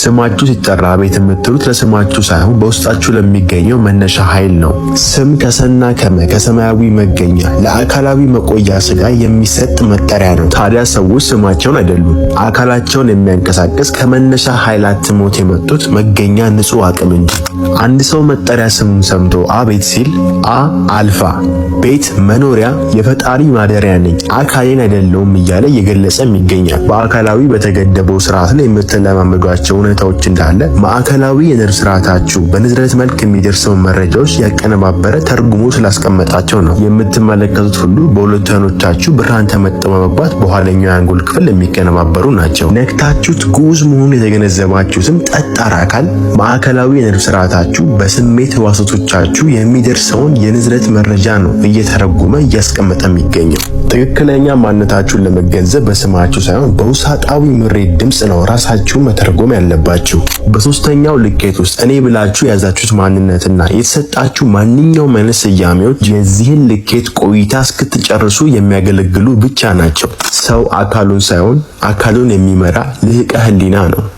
ስማችሁ ሲጠራ ቤት የምትሉት ለስማችሁ ሳይሆን በውስጣችሁ ለሚገኘው መነሻ ኃይል ነው። ስም ከሰና ከመ ከሰማያዊ መገኛ ለአካላዊ መቆያ ስጋ የሚሰጥ መጠሪያ ነው። ታዲያ ሰዎች ስማቸውን አይደሉም አካላቸውን የሚያንቀሳቅስ ከመነሻ ኃይላት ሞት የመጡት መገኛ ንጹህ አቅም እንጂ። አንድ ሰው መጠሪያ ስሙን ሰምቶ አቤት ሲል አ አልፋ ቤት መኖሪያ የፈጣሪ ማደሪያ ነኝ አካሌን አይደለውም እያለ እየገለጸም ይገኛል። በአካላዊ በተገደበው ስርዓት ላይ የምትለማመዷቸውን ሁኔታዎች እንዳለ ማዕከላዊ የነርቭ ስርዓታችሁ በንዝረት መልክ የሚደርሰውን መረጃዎች ያቀነባበረ ተርጉሞ ስላስቀመጣቸው ነው። የምትመለከቱት ሁሉ በሁለቱ አይኖቻችሁ ብርሃን ተመጠ በመግባት በኋለኛው የአንጎል ክፍል የሚቀነባበሩ ናቸው። ነክታችሁት ጉዝ መሆኑን የተገነዘባችሁትም ጠጣር አካል ማዕከላዊ የነርቭ ስርዓታችሁ በስሜት ህዋሳቶቻችሁ የሚደርሰውን የንዝረት መረጃ ነው እየተረጎመ እያስቀመጠ የሚገኘው። ትክክለኛ ማንነታችሁን ለመገንዘብ በስማችሁ ሳይሆን በውሳጣዊ ምሬት ድምፅ ነው ራሳችሁን መተርጎም ያለባችሁ። በሶስተኛው ልኬት ውስጥ እኔ ብላችሁ የያዛችሁት ማንነትና የተሰጣችሁ ማንኛውም አይነት ስያሜዎች የዚህን ልኬት ቆይታ እስክትጨርሱ የሚያገለግሉ ብቻ ናቸው። ሰው አካሉን ሳይሆን አካሉን የሚመራ ልህቀ ህሊና ነው።